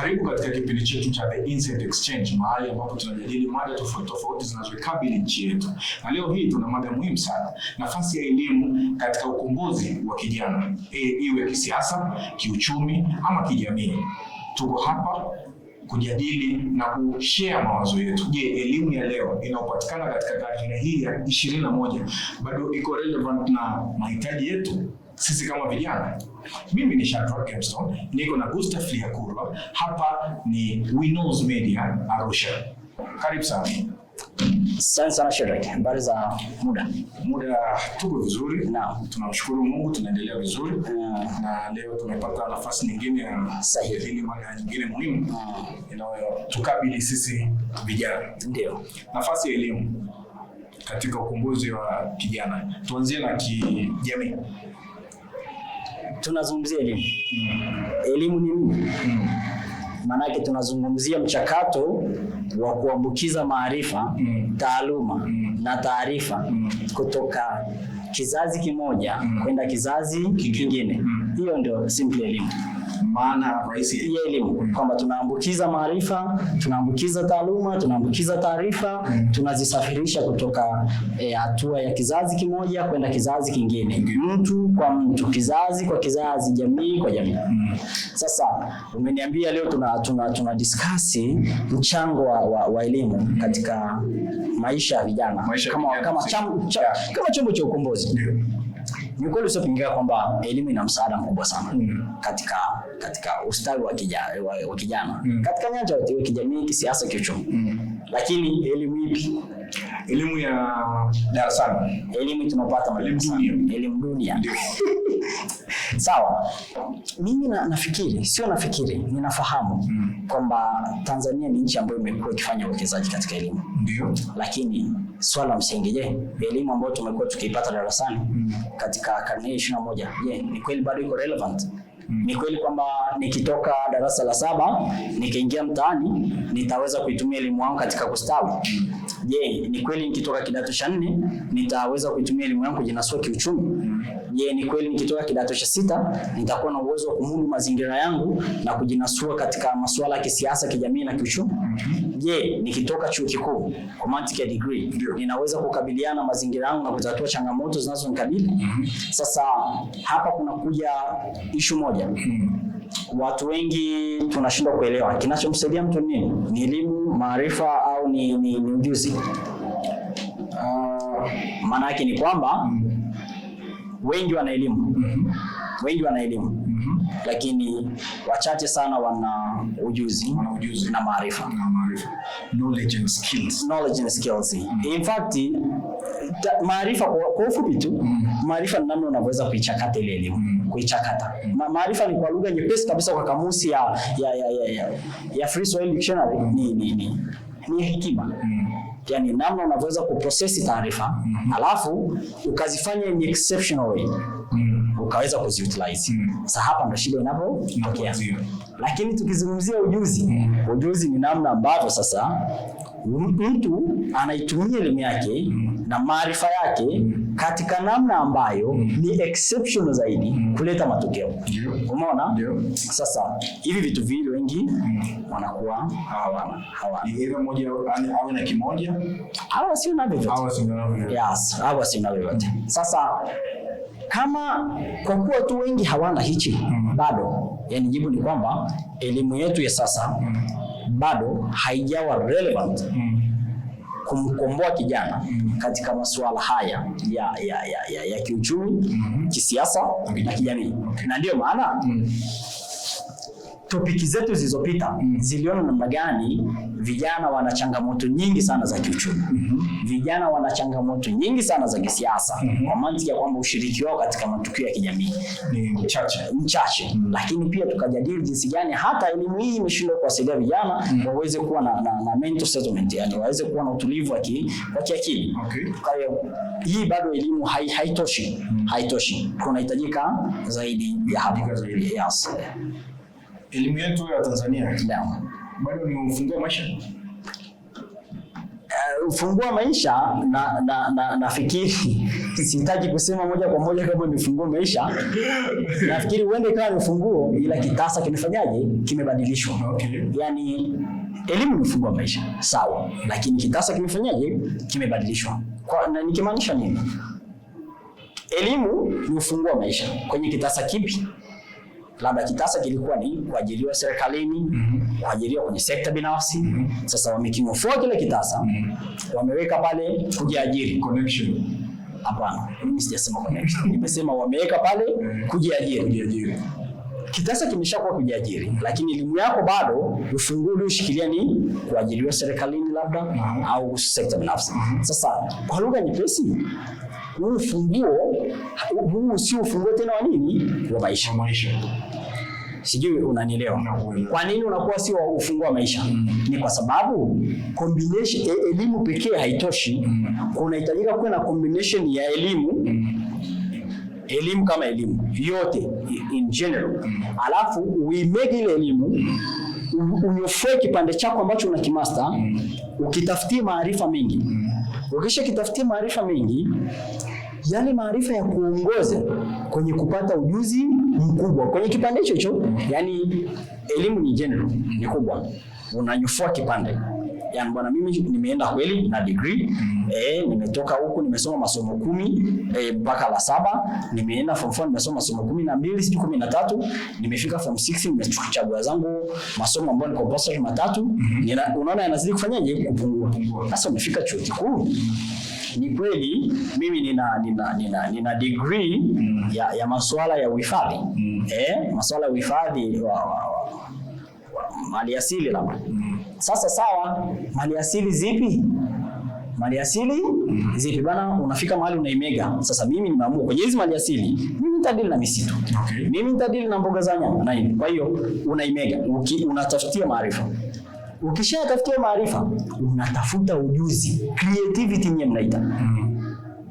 Karibu katika kipindi chetu cha The Insight Exchange, mahali ambapo tunajadili mada tofauti tofauti zinazoikabili nchi yetu, na leo hii tuna mada muhimu sana, nafasi ya elimu katika ukombozi wa kijana, e, iwe kisiasa, kiuchumi ama kijamii. Tuko hapa kujadili na kushare mawazo yetu. Je, elimu ya leo inayopatikana katika karne hii ya ishirini na moja bado iko relevant na mahitaji yetu? sisi kama vijana. Mimi ni Shadrack Kempston, niko na Gustav Lihakurwa, hapa ni Knows Media Arusha. Karibu sana. Asante sana Shadrack, habari za muda? Muda tuko vizuri, tunamshukuru Mungu, tunaendelea vizuri Na leo tumepata nafasi nyingine ya sahihi, mada nyingine muhimu mm. inayotukabili sisi vijana, ndio nafasi ya elimu katika ukombozi wa kijana. Tuanzie na kijamii tunazungumzia elimu. Elimu ni nini? Maanake tunazungumzia mchakato wa kuambukiza maarifa, taaluma na taarifa kutoka kizazi kimoja kwenda kizazi kingine. Hiyo ndio simple elimu maana rahisi ya elimu kwamba tunaambukiza maarifa, tunaambukiza taaluma, tunaambukiza taarifa, mm. tunazisafirisha kutoka eh, hatua e, ya kizazi kimoja kwenda kizazi kingine, mtu kwa mtu, kizazi kwa kizazi, jamii kwa jamii. Mm. Sasa umeniambia leo tuna, tuna, tuna discuss mchango wa elimu mm. katika maisha ya vijana kama, kama, kama chombo cha ukombozi. Ni ukweli usiopingika kwamba elimu ina msaada mkubwa sana mm. katika katika ustawi wa kijana wa, wa kijana mm. katika nyanja yote iwe kijamii, kisiasa, kiuchumi mm. lakini elimu ipi? Elimu ya darasani, elimu tunapata elimu dunia Sawa, mimi na, nafikiri sio nafikiri, ninafahamu mm. kwamba Tanzania ni nchi ambayo imekuwa ikifanya uwekezaji katika elimu, ndio, lakini swala msingi. Je, elimu ambayo tumekuwa tukiipata darasani mm. katika karne ishirini na moja, je, ni kweli bado iko relevant? Mm. Ni kweli kwamba nikitoka darasa la saba nikiingia mtaani nitaweza kuitumia elimu yangu katika kustawi? Mm. Je, ni kweli nikitoka kidato cha nne nitaweza kuitumia elimu yangu kujinasua kiuchumi? Je, ni kweli nikitoka kidato cha sita nitakuwa na uwezo wa kumudu mazingira yangu na kujinasua katika masuala ya kisiasa, kijamii na kiuchumi? Je, nikitoka chuo kikuu kwa mantiki ya degree ninaweza kukabiliana mazingira yangu na kutatua changamoto zinazonikabili? Sasa hapa kuna kuja ishu moja watu wengi tunashindwa kuelewa kinachomsaidia mtu nini, ni elimu, maarifa au ni, ni, ni ujuzi uh, ah, maana yake ni kwamba wengi wana elimu wengi wana elimu lakini wachache sana wana ujuzi, wana ujuzi na maarifa knowledge and skills, knowledge and skills. Mm. in fact maarifa kwa ufupi tu mm. maarifa ni namna unavyoweza kuichakata ile elimu mm. kuichakata mm. maarifa ni kwa lugha nyepesi kabisa, kwa kamusi ya ya ya ya, ya Free Swahili Dictionary mm. ni, ni, ni ni hekima mm. Yani namna unavyoweza kuprocess taarifa mm alafu ukazifanya in exceptional way mm. ukaweza kuziutilize mm. Sasa hapa ndo shida inapotokea okay. Lakini tukizungumzia ujuzi mm. ujuzi ni namna ambavyo sasa mtu anaitumia elimu yake mm. na maarifa yake mm. katika namna ambayo mm. ni exceptional zaidi mm. kuleta matokeo Umeona? Ndio. Sasa hivi vitu viwili wengi wanakuwa hawana. Hawana. Ile moja awe na kimoja. Hawa sio na vyote. Hawa sio na vyote. Yes, hawa sio na vyote. Sasa kama kwa kuwa tu wengi hawana hichi mm. bado, yani jibu ni kwamba elimu yetu ya sasa mm. bado haijawa relevant mm kumkomboa kijana katika masuala haya ya, ya, ya, ya, ya kiuchumi, kisiasa na kijamii, na ndiyo maana mm topiki zetu zilizopita mm. ziliona namna gani vijana wana changamoto nyingi sana za kiuchumi mm -hmm. vijana wana changamoto nyingi sana za kisiasa mm -hmm. kwa mantiki ya kwamba ushiriki wao katika matukio ya kijamii ni mchache mchache mm -hmm. lakini pia tukajadili jinsi gani hata elimu hii imeshindwa kuwasaidia vijana mm -hmm. waweze kuwa na, na, na mental settlement, yani waweze kuwa na utulivu wa kiakili. Okay. hii bado elimu hai, haitoshi mm -hmm. haitoshi, kunahitajika zaidi ya hapo. Yes elimu yetu ya Tanzania ndio bado ni ufungua maisha eh, ufungua maisha na na, na nafikiri sitaki kusema moja kwa moja kama ni maisha. Nafikiri uende kawa ni ufunguo, ila kitasa kimefanyaje, kimebadilishwa. Okay. Yani elimu ni ufungua maisha sawa, lakini kitasa kimefanyaje, kimebadilishwa. Kwa nikimaanisha nini? Elimu ni ufunguo maisha kwenye kitasa kipi? labda kitasa kilikuwa ni kuajiriwa serikalini, mm -hmm. kuajiriwa kwenye sekta binafsi mm -hmm. Sasa wamekimofua kile kitasa mm -hmm. wameweka pale kujiajiri connection. Hapana, mimi sijasema connection, nimesema wameweka pale eh, kujiajiri, kujiajiri kitasa kimeshakuwa kujiajiri, lakini elimu yako bado ufunguo ulioshikilia ni kuajiriwa serikalini labda mhm. au sekta binafsi. Mhm. Sasa kwa lugha nyepesi huu ufunguo huu sio ufunguo tena wa nini, wa maisha. Sijui unanielewa. Kwa nini unakuwa sio ufunguo wa maisha? Mm. Ni kwa sababu combination e, elimu pekee haitoshi. Mm. Kunahitajika kuwa na combination ya elimu mm. Elimu kama elimu yote in general, mm. alafu uimege ile elimu, mm. unyofoe kipande chako ambacho una kimasta, mm. ukitafutia maarifa mengi. Ukisha kitafutia maarifa mengi, yale maarifa ya kuongoza kwenye kupata ujuzi mkubwa kwenye kipande hicho hicho. Yani elimu ni general, ni kubwa, unanyofua kipande Yani bwana, mimi nimeenda kweli na degree mm. eh, nimetoka huku nimesoma masomo kumi eh, mpaka eh, la saba, nimeenda form 4 nimesoma masomo kumi na mbili sijui kumi na tatu, nimefika form six nimechagua zangu masomo ambayo ni compulsory matatu. Mm-hmm. Unaona yanazidi kufanyaje kupungua. Sasa umefika chuo kikuu ni kweli mimi nina, nina, nina, nina degree mm. ya, ya masuala ya uhifadhi mm. eh, masuala ya uhifadhi wa, wa, wa, wa maliasili labda mm. Sasa sawa, maliasili zipi? Maliasili mm. zipi bana? Unafika mahali unaimega. Sasa mimi nimeamua kwenye hizi maliasili, mimi nitadili na misitu okay. Mimi nitadili na mboga za nyama na hivi. Kwa hiyo unaimega, unatafutia maarifa Ukishatafutia maarifa, unatafuta ujuzi, creativity nyenye mnaita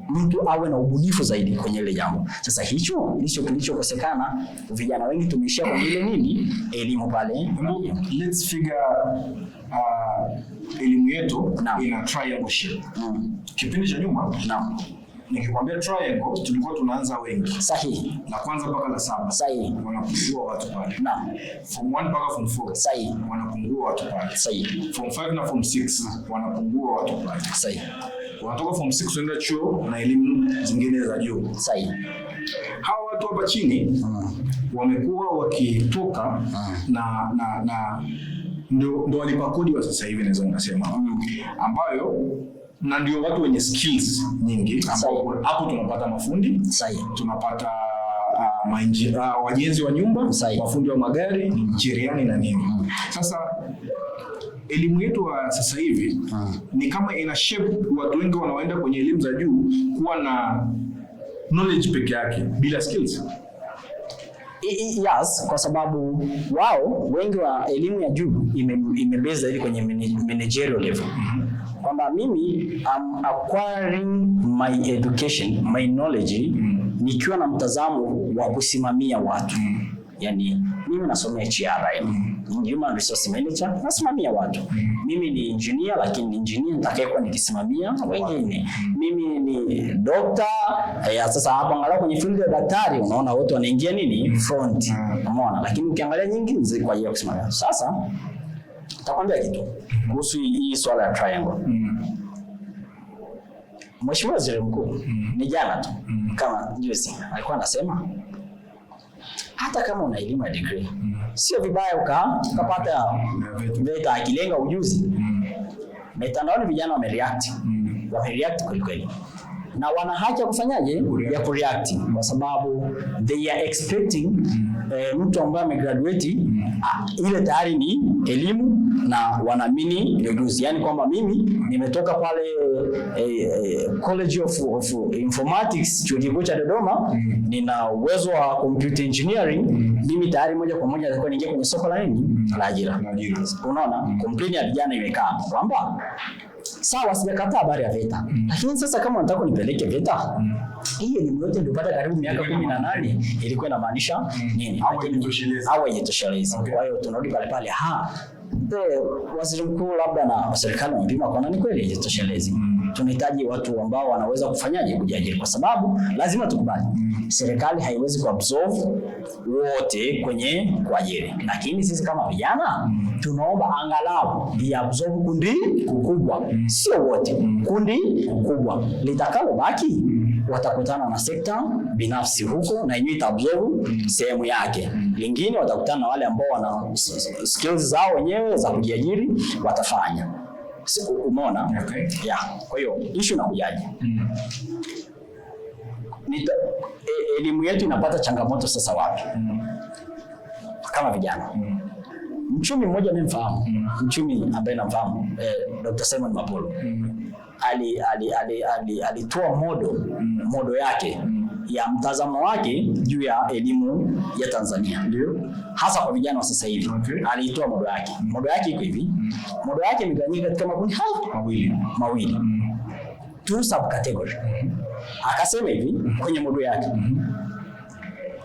mtu awe na ubunifu zaidi kwenye ile jambo. Sasa hicho ndicho kilichokosekana. Vijana wengi tumeishia kwa ile nini, elimu pale. Let's figure uh, elimu yetu ina triangle shape. Mm. Kipindi cha nyuma. Naam nikikwambia triangle tulikuwa tunaanza wengi. Sahihi. La kwanza mpaka la saba. Sahihi. Wanapungua watu pale. Naam. Form 1 mpaka form 4. Sahihi. Wanapungua watu pale. Sahihi. Form 5 na form 6 wanapungua watu pale. Sahihi. Wanatoka form 6 kwenda chuo na elimu zingine za juu. Sahihi. Hawa watu hapa chini hmm. wamekuwa wakitoka hmm. na na na ndio ndio walipa kodi wa sasa hivi naweza nikasema hmm. ambayo na ndio watu wenye skills nyingi ambao hapo tunapata mafundi sahihi, tunapata uh, mainji, uh, wajenzi wa nyumba sahihi, mafundi wa magari cheriani mm. na nini. Mm. Sasa elimu yetu sasa hivi mm. ni kama ina shape watu wengi wanaoenda kwenye elimu za juu kuwa na knowledge peke yake bila skills. Yes, kwa sababu wao wengi wa elimu ya juu ime zaidi kwenye managerial level. Mm -hmm mimi I'm acquiring my education, my knowledge nikiwa na mtazamo wa kusimamia watu. yani, mimi nasomea CRM, human resource manager, nasimamia watu. Mimi ni engineer, lakini ni engineer nitakayekuwa nikisimamia wengine. Mimi ni doctor, ya eh, sasa hapo angalau kwenye field ya daktari unaona wote wanaingia nini front. Umeona? Lakini ukiangalia nyingi ni kwa hiyo kusimamia. Sasa nitakwambia kitu kuhusu hii swala ya triangle. Mheshimiwa Waziri Mkuu mm. ni jana tu mm. kama juzi alikuwa anasema hata kama una elimu ya degree mm. sio vibaya uka ukapata VETA, akilenga ujuzi mm. mitandaoni. Vijana wamereact mm. wamereact kweli kweli, na wana haki ya kufanyaje ya kureact, kwa sababu they are expecting mm. eh, mtu ambaye amegraduate ile tayari ni elimu na wanaamini ile ujuzi, yani kwamba mimi nimetoka pale eh, eh, College of, of Informatics chuo kikuu cha Dodoma mm. nina uwezo wa computer engineering mm. mimi tayari moja kwa moja nitakuwa niingia kwenye soko la nini mm. la ajira. Unaona mm. complaint ya vijana imekaa kwamba sawa, sijakataa habari ya VETA mm. lakini sasa kama nataka nipeleke VETA mm hii elimu yote nilipata karibu miaka kumi na nane ilikuwa inamaanisha mm. nini, au haijitoshelezi. Kwa hiyo tunarudi pale pale, ha waziri mkuu labda na serikali wamepima kuona ni kweli haijitoshelezi. Mm. tunahitaji watu ambao wanaweza kufanyaje kujiajiri, kwa sababu lazima tukubali, mm. serikali haiwezi kuabsorb wote kwenye kuajiri, lakini sisi kama vijana mm. tunaomba angalau iabsorb kundi kubwa, mm. sio wote, kundi kubwa litakalo litakalobaki watakutana na sekta binafsi huko, na yenyewe itaabsorb sehemu yake. Lingine watakutana na wale ambao wana skills zao wenyewe za kujiajiri, watafanya. Umeona? Okay. Yeah. Kwa hiyo issue kujaji. Mm. E, elimu yetu inapata changamoto sasa wapi? Mm. Kama vijana mm. Mchumi mmoja mfahamu. mm. Mchumi ambaye namfahamu eh, Dr. Simon Mapolo mm. ali, ali, ali, ali, alitoa modo mm modo yake ya mtazamo wake juu ya elimu ya Tanzania ndio hasa kwa vijana wa sasa hivi. Okay. Aliitoa modo yake. Modo yake iko hivi. Modo yake imegawanyika katika makundi hayo mawili mawili, mm-hmm. two sub category. Mm-hmm. Akasema hivi mm-hmm. kwenye modo yake,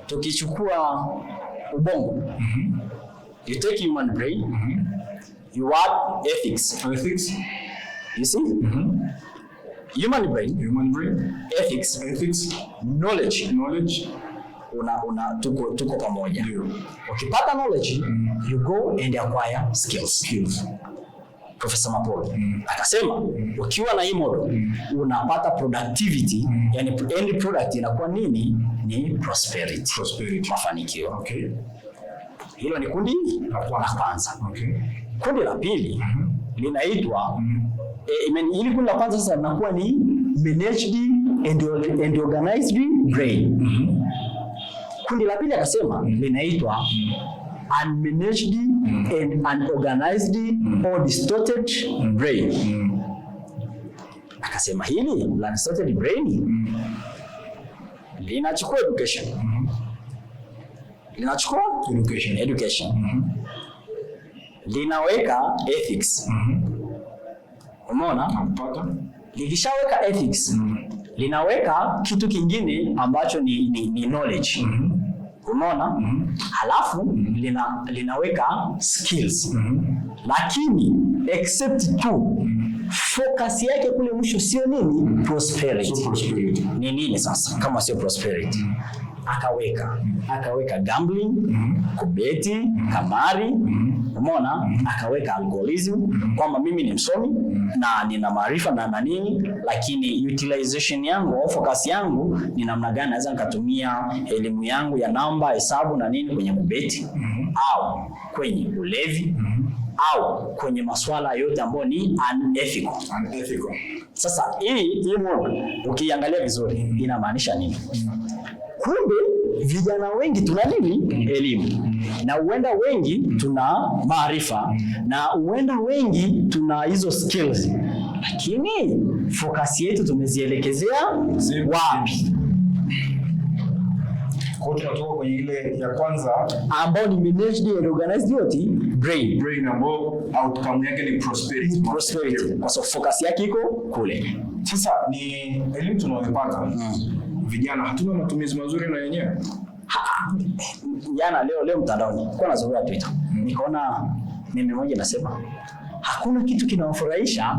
tukichukua ubongo, you take human brain, you want ethics, ethics, you see human brain, human brain, ethics, ethics, knowledge, knowledge una, una tuko, tuko pamoja. Ukipata knowledge mm. you go and acquire skills. Skills. Profesa Mapolo mm. akasema mm. ukiwa na hii model mm. unapata productivity mm. yani end product inakuwa nini? Ni prosperity, prosperity. Mafanikio. Okay. Hilo ni kundi la kwanza. Okay. Kundi la pili mm -hmm. linaitwa mm. Eh, I mean, kundi la kwanza sasa linakuwa ni managed and, and organized brain. Mm -hmm. Kundi la pili akasema mm-hmm. linaitwa mm -hmm. unmanaged mm -hmm. and unorganized mm-hmm. or distorted brain. Mm-hmm. Akasema hili la distorted brain linachukua education. linachukua education, linaweka ethics. Mm -hmm Umeona? Likishaweka ethics mm -hmm. linaweka kitu kingine ambacho ni, ni, ni knowledge mm -hmm. Umeona? mm -hmm. Halafu mm -hmm. lina, linaweka skills mm -hmm. lakini except tu mm -hmm. focus yake kule mwisho sio nini? mm -hmm. prosperity. So prosperity ni nini sasa kama sio prosperity mm -hmm. akaweka mm-hmm. akaweka gambling mm -hmm. kubeti mm -hmm. kamari mm -hmm umeona, mm-hmm. akaweka algorithm mm-hmm. kwamba mimi ni msomi mm-hmm. na nina maarifa na na nini, lakini utilization yangu au focus yangu ni namna gani naweza nikatumia elimu yangu ya namba, hesabu na nini kwenye kubeti au kwenye ulevi au kwenye masuala yote ambayo ni unethical. Unethical. Sasa hii hii ukiangalia vizuri inamaanisha nini? Kumbe vijana wengi tuna nini? Elimu Mm. na huenda wengi mm. tuna maarifa mm. na huenda wengi tuna hizo skills, lakini focus yetu tumezielekezea wapi? Kwa hiyo tunatoka kwenye ile ya kwanza ambayo ni managed and organized yote brain. Brain ambayo outcome yake ni prosperity. prosperity. Kwa sababu focus yake iko kule. Sasa ni elimu tunayopata. Vijana hatuna matumizi mazuri na yenyewe jana leo leo mtandaoni nilikuwa ya Twitter nikaona mimi mmoja nasema hakuna kitu kinawafurahisha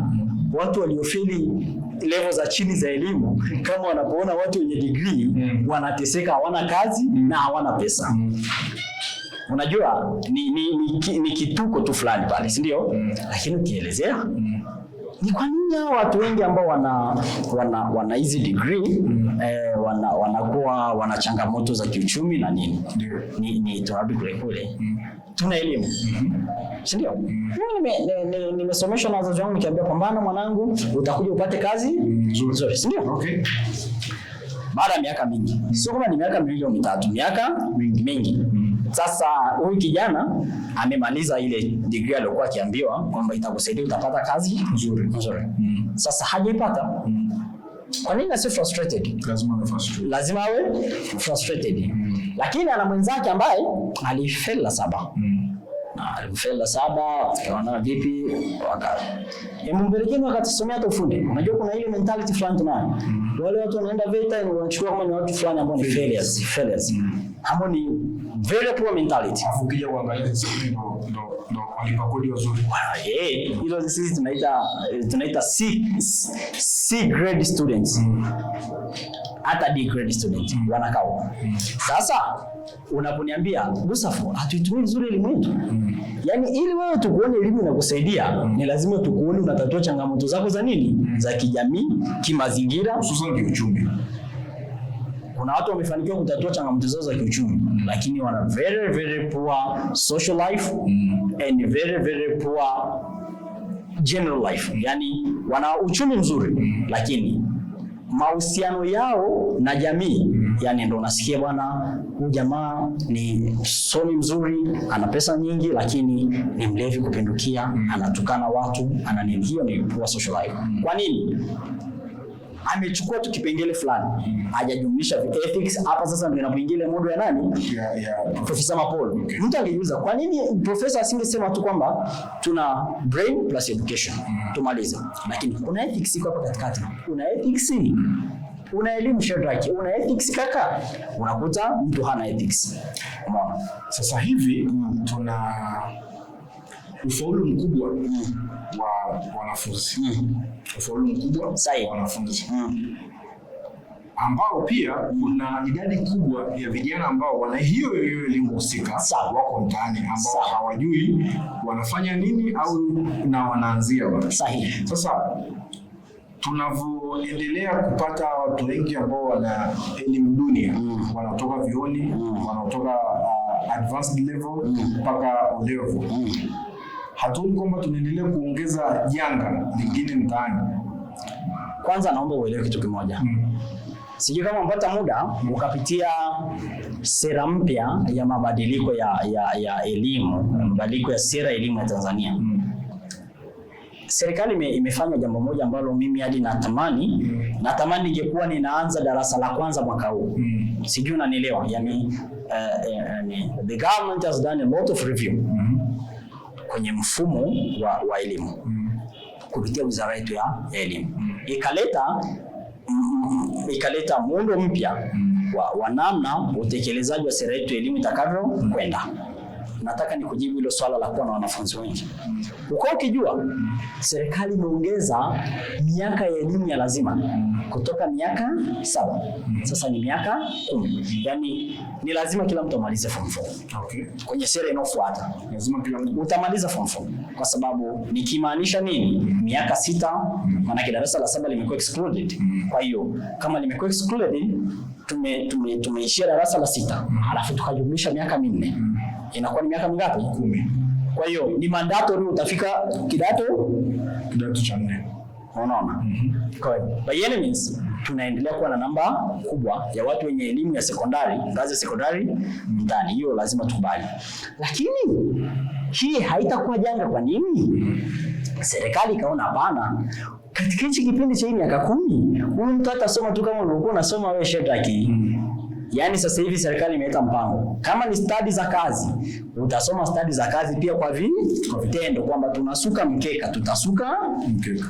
watu waliofeli levo za chini za elimu kama wanapoona watu wenye degree mm. wanateseka, hawana kazi mm. na hawana pesa mm. Unajua ni, ni, ni, ni kituko tu fulani pale, si ndio? mm. Lakini ukielezea mm ni kwa nini hao watu wengi ambao wana wana wana hizi degree mm. eh, wana wanakuwa wana changamoto za kiuchumi na nini yeah. ni, ni turarudi kule kule mm. tuna elimu mm -hmm. si ndio? mm. nimesomeshwa na wazazi wangu nikiambia, pambana mwanangu, utakuja upate kazi mm. nzuri, si ndio? Okay. Baada ya miaka mingi, mm. sio kama ni miaka miwili au mitatu, miaka mingi. Mm. Sasa huyu kijana amemaliza ile degree aliyokuwa akiambiwa kwamba itakusaidia utapata kazi nzuri nzuri. Mm. Sasa hajaipata. Mm. Kwa nini asi frustrated? Lazima awe frustrated. Lazima awe frustrated. Mm. Lakini ana mwenzake ambaye alifeli la saba. Mm. Alifeli la saba, tukaona vipi wakati. Hebu mbelekeni wakatusomea tofundi. Unajua kuna ile mentality fulani tunayo. Mm. Wale watu wanaenda vita na wanachukua kama ni watu fulani ambao ni failures, failures. Mm. Ambao ni very poor mentality. Ukija kuangalia ndo ndo walipa kodi wazuri. Eh, hilo sisi tunaita eh, tunaita C C grade students. Mm. Hata D grade mm. wanakaa huko. Mm. Sasa unaponiambia Gusafu, hatuitumii vizuri elimu yetu. Yaani ili wewe tukuone elimu inakusaidia, ni lazima tukuone unatatua changamoto zako za nini? Za kijamii, kimazingira, hususan kiuchumi kuna watu wamefanikiwa kutatua changamoto zao za kiuchumi mm. lakini wana very very poor social life mm. and very very poor general life, yani wana uchumi mzuri mm. lakini mahusiano yao na jamii mm. yani, ndo unasikia bwana, huyu jamaa ni somi mzuri, ana pesa nyingi, lakini ni mlevi kupindukia, mm. anatukana watu, ana nini. Hiyo ni poor social life. Mm. Kwa nini? amechukua tu kipengele fulani hajajumlisha ethics hapa. Sasa ndio inapoingia ile modo ya nani, yeah, yeah. Profesa Mapol okay. Mtu angeuliza kwa nini profesa asingesema tu kwamba tuna brain plus education mm. Tumalize, lakini kuna ethics iko hapa katikati, kuna ethics mm. Una elimu Shedrack, una ethics kaka, unakuta mtu hana ethics. Sasa hivi mm. tuna ufaulu mkubwa wa wanafunzi mm. ufaulu mkubwa Sae. wa wanafunzi mm. ambao pia kuna idadi kubwa ya vijana ambao wana hiyo hiyo elimu husika wako mtaani ambao hawajui wanafanya nini au na wanaanzia wapi. Sasa tunavyoendelea kupata watu wengi ambao wana elimu dunia mm. wanaotoka vioni mm. wanaotoka uh, ah, advanced level mm. mpaka mm. level mm hatuoni kwamba tunaendelea kuongeza janga lingine mtaani. Kwanza naomba uelewe kitu kimoja hmm. Sijui kama mpata muda ukapitia sera mpya ya mabadiliko ya, ya, ya elimu mabadiliko ya sera elimu ya Tanzania mm. Serikali ime, imefanya jambo moja ambalo mimi hadi natamani mm. natamani ningekuwa ninaanza darasa la kwanza mwaka huu mm. sijui unanielewa, yani uh, uh, uh, the government has done a lot of review mm kwenye mfumo wa, wa elimu mm. kupitia wizara yetu ya elimu mm. ikaleta mm, ikaleta muundo mpya mm. wa, wa namna utekelezaji wa sera yetu ya elimu itakavyo mm. kwenda nataka ni kujibu hilo swala la kuwa na wanafunzi wengi. Uko ukijua serikali imeongeza miaka ya elimu ya lazima kutoka miaka saba sasa ni miaka kumi, Yani ni lazima kila mtu amalize form 4. Okay. Kwenye sera inayofuata lazima kila mtu utamaliza form 4, kwa sababu nikimaanisha nini? Miaka sita, maanake darasa la saba limekuwa excluded. Kwa hiyo kama limekuwa excluded tumeishia tume, tume darasa la sita alafu tukajumlisha miaka minne inakuwa ni miaka mingapi? Kumi. Kwa hiyo ni mandatory utafika kidato kidato cha nne. Unaona? Mm -hmm. Kwa hiyo by any means tunaendelea kuwa na namba kubwa ya watu wenye elimu ya sekondari, ngazi ya sekondari mtaani. Hiyo lazima tukubali, lakini hii haitakuwa janga. Kwa nini serikali ikaona hapana, katika hichi kipindi cha hii miaka kumi huyu mtu atasoma tu kama unakuwa unasoma wewe Shedrack. Mhm. Yaani sasa hivi serikali imeweka mpango, kama ni stadi za kazi, utasoma stadi za kazi pia kwa kwa vitendo, kwamba tunasuka mkeka, tutasuka mkeka.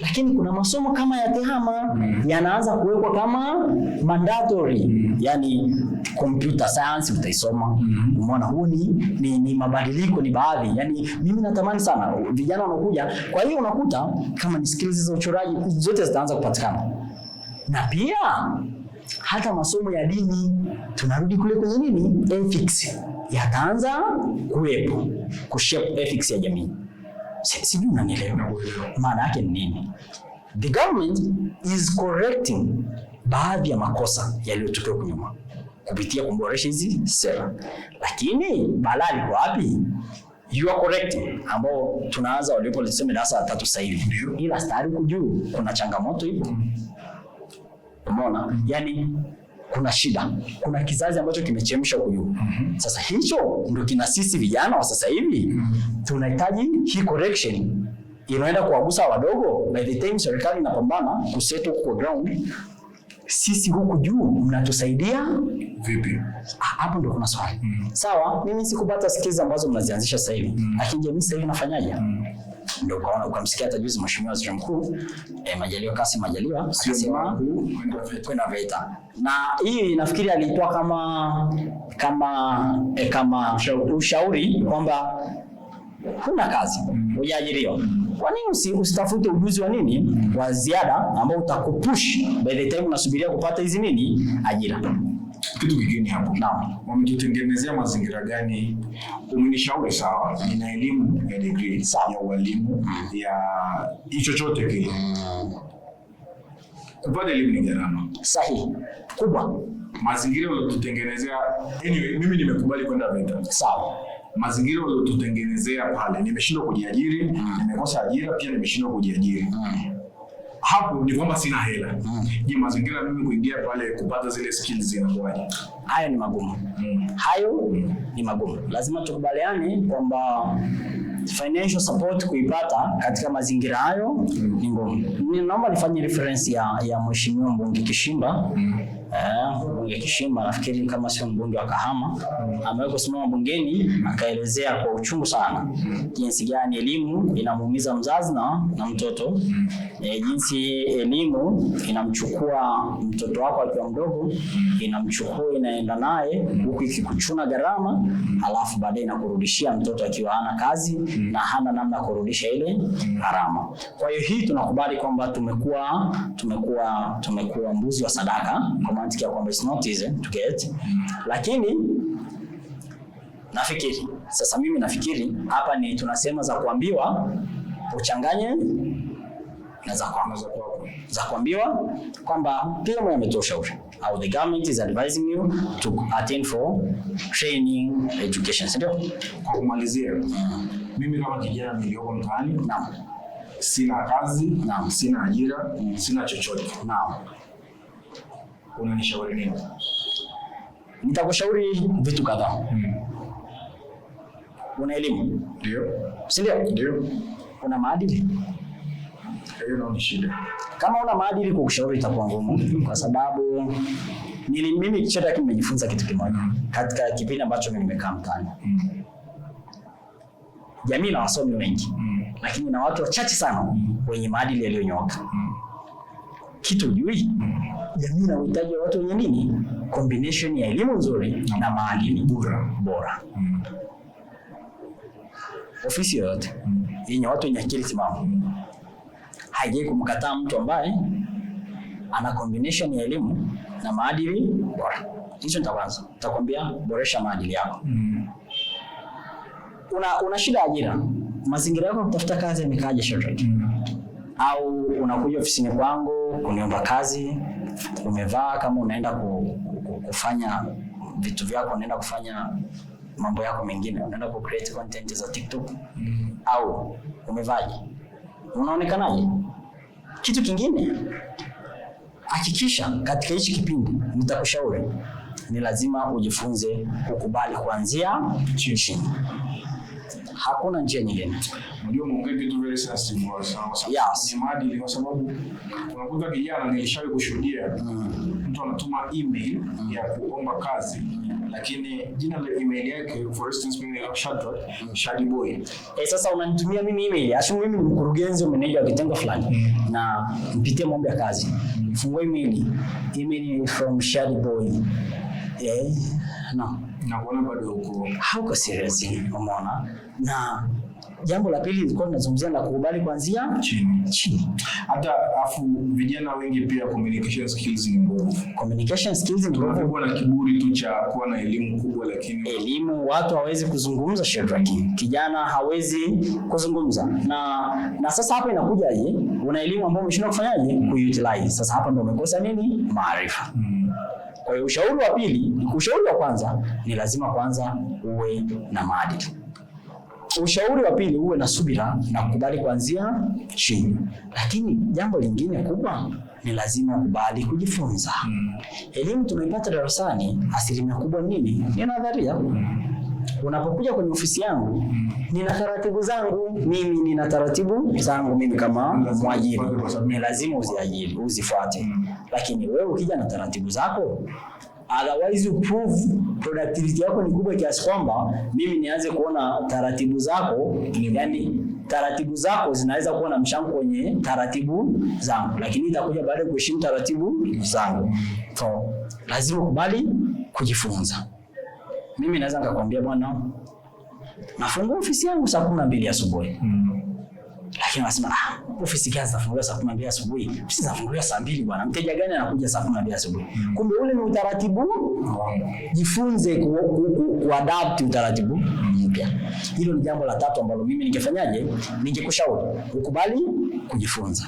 Lakini kuna masomo kama ya tehama mm. yanaanza kuwekwa kama mandatory, mm. yani computer science utaisoma. Mm. Umeona, huu ni, ni, ni mabadiliko, ni baadhi. Yani mimi natamani sana vijana wanakuja. Kwa hiyo unakuta kama ni skills za uchoraji zote zitaanza kupatikana na pia hata masomo ya dini tunarudi kule kwenye nini, ethics yataanza kuwepo kushape ethics ya jamii. Sijui unanielewa maana yake ni nini? The government is correcting baadhi ya makosa yaliyotokea kunyuma kupitia kuboresha hizi sera, lakini balaa liko wapi? You are correct ambao tunaanza walipo liseme darasa la tatu sasa hivi, ila stari huku juu kuna changamoto hiyo. Umeona? Yaani kuna shida, kuna kizazi ambacho kimechemsha huyu. mm -hmm. Sasa hicho ndio kina sisi vijana wa sasa hivi. mm -hmm. Tunahitaji hii correction inaenda kuwagusa wadogo. By the time serikali inapambana kuseto kwa ground, sisi huku juu mnatusaidia vipi? Ah, hapo ndio kuna swali. mm -hmm. Sawa, mimi sikupata skills ambazo mnazianzisha sasa hivi, mhm. lakini mm -hmm. jamii sasa hivi nafanyaje? mm -hmm ndio ukaona ukamsikia hata juzi mheshimiwa waziri mkuu eh, Majaliwa Kassim Majaliwa akasema kwenda VETA, na hii nafikiri aliitoa kama kama eh, kama ushauri kwamba huna kazi, hujaajiriwa mm. kwa nini usi, usitafute ujuzi wa nini mm. wa ziada ambao utakupush by the time unasubiria kupata hizi nini ajira kitu kingine hapo, wamejitengenezea mazingira gani? Umenishauri sawa, nina elimu ya degree ya ualimu ya hicho chote kile, bado elimu ni gharama. Sahihi kubwa, mazingira waliotutengenezea. Anyway, mimi nimekubali kwenda VETA, sawa mazingira waliotutengenezea pale, nimeshindwa kujiajiri, mm. nimekosa ajira pia, nimeshindwa kujiajiri mm hapo ni kwamba sina hela mm. Je, mazingira mimi kuingia pale kupata zile skills zinakuwaje? Hayo ni magumu mm. Hayo mm. ni magumu, lazima tukubaliane kwamba financial support kuipata katika mazingira hayo mm. ni ngumu. Ninaomba nifanye reference ya, ya Mheshimiwa Mbunge Kishimba mm mbunge eh, Kishimba, nafikiri kama sio mbunge wa Kahama, ambaye kusimama bungeni akaelezea kwa uchungu sana jinsi gani elimu inamuumiza mzazi na, na mtoto e, jinsi elimu inamchukua mtoto wako akiwa mdogo, inamchukua inaenda naye huku ikikuchuna gharama, alafu baadaye inakurudishia mtoto akiwa hana kazi na hana namna ya kurudisha ile gharama. Kwa hiyo hii tunakubali kwamba tumekuwa tumekuwa tumekuwa mbuzi wa sadaka kwa naandikia kwamba it's not easy to get, lakini nafikiri sasa, mimi nafikiri hapa ni tunasema za kuambiwa uchanganye na za kwako, za kuambiwa kwamba kila ametoa ushauri au the government is advising you to attend for training education, sio Kwa kumalizia, mimi kama kijana nilioko mtaani, naam, sina kazi, naam, sina ajira, mm. sina chochote, naam unanishauri nini? Nitakushauri vitu kadhaa. Hmm. Una elimu? Ndio. Si ndio? Ndio. Una maadili? Eh, hiyo ndio shida. Kama una maadili, kukushauri itakuwa ngumu kwa sababu nili mimi kichwa chake nimejifunza kitu kimoja hmm. katika kipindi ambacho nimekaa mtaani. Hmm. Jamii na wasomi wengi, hmm. lakini na watu wachache sana wenye maadili Hmm kitu jui. Jamii na uhitaji wa watu wenye nini, combination ya elimu nzuri na maadili bora bora. Mm. Ofisi yoyote mm. yenye watu wenye akili timamu mm. haijai kumkataa mtu ambaye ana combination ya elimu na maadili bora. Hicho nitakwanza nitakwambia boresha maadili yako. Mm. Una, una shida ajira, mazingira yako kutafuta kazi yamekaaje? mm au unakuja ofisini kwangu kuniomba kazi, umevaa kama unaenda ku, ku, kufanya vitu vyako, unaenda kufanya mambo yako mengine, unaenda ku create content za TikTok mm. au umevaje, unaonekanaje? Kitu kingine, hakikisha katika hichi kipindi, nitakushauri ni lazima ujifunze kukubali kuanzia chini. Hakuna njia nyingine. Unajua mongee kitu very sensitive yes. Ni maadili kwa sababu unakuta kijana, nilishawahi kushuhudia mm. mtu anatuma email mm. ya kuomba kazi lakini jina la email yake for instance mimi ni Shadrack mm. Shady Boy. Eh, sasa unanitumia mimi email. Ashu mimi ni mkurugenzi au meneja wa kitengo fulani na mpitie maombi ya kazi. Fungua email. Email from Shady Boy eh, bado huko hauko serious, umeona. Na jambo la pili ilikuwa tunazungumzia la kukubali kuanzia chini chini, hata afu vijana wengi pia communication skills ni mbovu. Communication skills ni mbovu, kuwa na kiburi tu cha kuwa na elimu kubwa, lakini elimu watu hawezi kuzungumza shedraki, kijana hawezi kuzungumza na na. Sasa hapa inakuja inakujaje? Una elimu ambayo umeshindwa kufanyaje kuutilize. Sasa hapa ndio umekosa nini? Maarifa. hmm. Kwa hiyo ushauri wa pili, ushauri wa kwanza ni lazima kwanza uwe na maadili. Ushauri wa pili uwe na subira na kukubali kuanzia chini, lakini jambo lingine kubwa ni lazima kubali kujifunza. Elimu tunaipata darasani, asilimia kubwa nini? Ni nadharia. Unapokuja kwenye ofisi yangu nina taratibu zangu mimi, nina taratibu zangu mimi kama mwajiri, ni lazima uziajiri, uzifuate lakini wewe ukija na taratibu zako otherwise prove productivity yako ni kubwa kiasi kwamba mimi nianze kuona taratibu zako ni yani taratibu zako zinaweza kuwa na mchango kwenye taratibu zangu, lakini itakuja baada ya kuheshimu taratibu zangu. So lazima kubali kujifunza. Mimi naweza nikakwambia bwana, nafungua ofisi yangu saa kumi na mbili asubuhi mm. Lakini wanasema ah, ofisi gani zinafunguliwa saa 12 asubuhi? Ofisi zinafunguliwa saa 2 bwana. Mteja gani anakuja saa 12 asubuhi? Hmm. Kumbe ule ni utaratibu. Jifunze kuadapt utaratibu mpya. Hilo ni jambo la tatu ambalo mimi ningefanyaje? Ningekushauri ukubali kujifunza.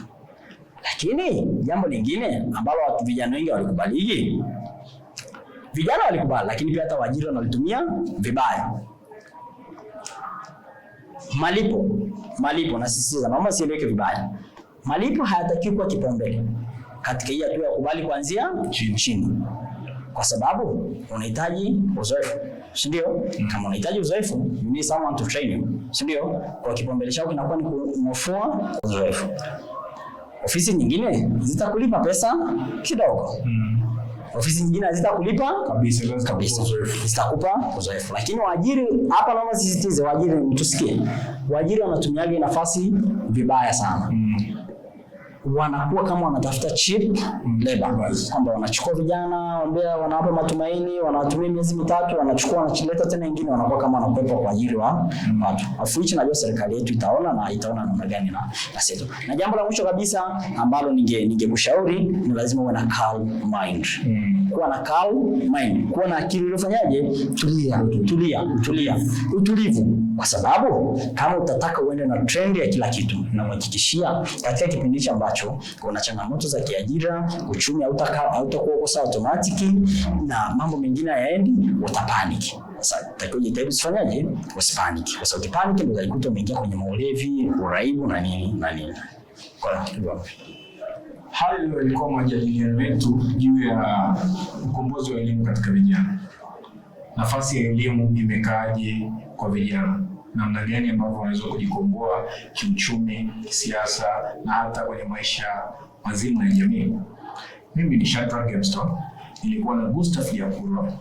Lakini jambo lingine ambalo watu vijana wengi walikubali vijana walikubali, lakini pia hata waajiri wanalitumia vibaya. Malipo malipo, nasisitiza, naomba sieleweke vibaya, malipo hayatakiwi kuwa kipaumbele katika hii hatua ya kubali kuanzia chini, kwa sababu unahitaji uzoefu, si ndio? Kama unahitaji uzoefu, you need someone to train you, si ndio? Kwa kipaumbele chako kinakuwa ni kunofua uzoefu. Ofisi nyingine zitakulipa pesa kidogo hmm. Ofisi nyingine hazitakulipa kabisa, lazima kabisa zitakupa uzoefu. Lakini waajiri hapa, naomba sisitize, waajiri mtusikie, waajiri wanatumiaje nafasi vibaya sana mm wanakuwa kama wanatafuta cheap labor, mm. kwamba wanachukua vijana wambea, wanawapa matumaini, wanawatumia miezi mitatu, wanachukua wanachileta tena wengine, wanakuwa kama wanapewa kwa ajili wa mm. watu afu hichi, najua serikali yetu itaona na itaona namna gani na naseto. Na jambo la mwisho kabisa ambalo ninge ningekushauri ni lazima uwe na calm mind, mm. kuwa na calm mind, kuwa na akili iliyofanyaje, tulia, tulia, tulia, utulivu kwa sababu kama utataka uende na trend ya kila kitu, na kuhakikishia katika kipindi cha ambacho ambacho kuna changamoto za kiajira, uchumi hautakuwa uko sawa automatic na mambo mengine hayaendi, utapanic. Sasa takiwa jitahidi usifanyaje, usipanic, kwa sababu panic ndio utakuta umeingia kwenye maulevi, uraibu na nini na nini. Kwa hiyo hayo ndio ilikuwa majadiliano yetu juu ya ukombozi wa elimu katika vijana. Nafasi ya elimu imekaaje kwa vijana? namna gani ambavyo wanaweza kujikomboa kiuchumi, kisiasa na hata kwenye maisha mazima ya jamii. Mimi ni Shadrack Gemstone, nilikuwa na Gustaf Liakurwa.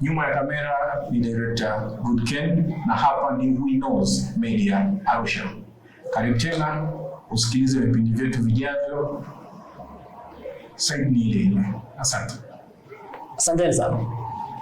Nyuma ya kamera ni director Goodken, na hapa ni We Knows Media Arusha. Karibu tena usikilize vipindi vyetu vijavyo. Said ni ile. Asante. Asanteni sana.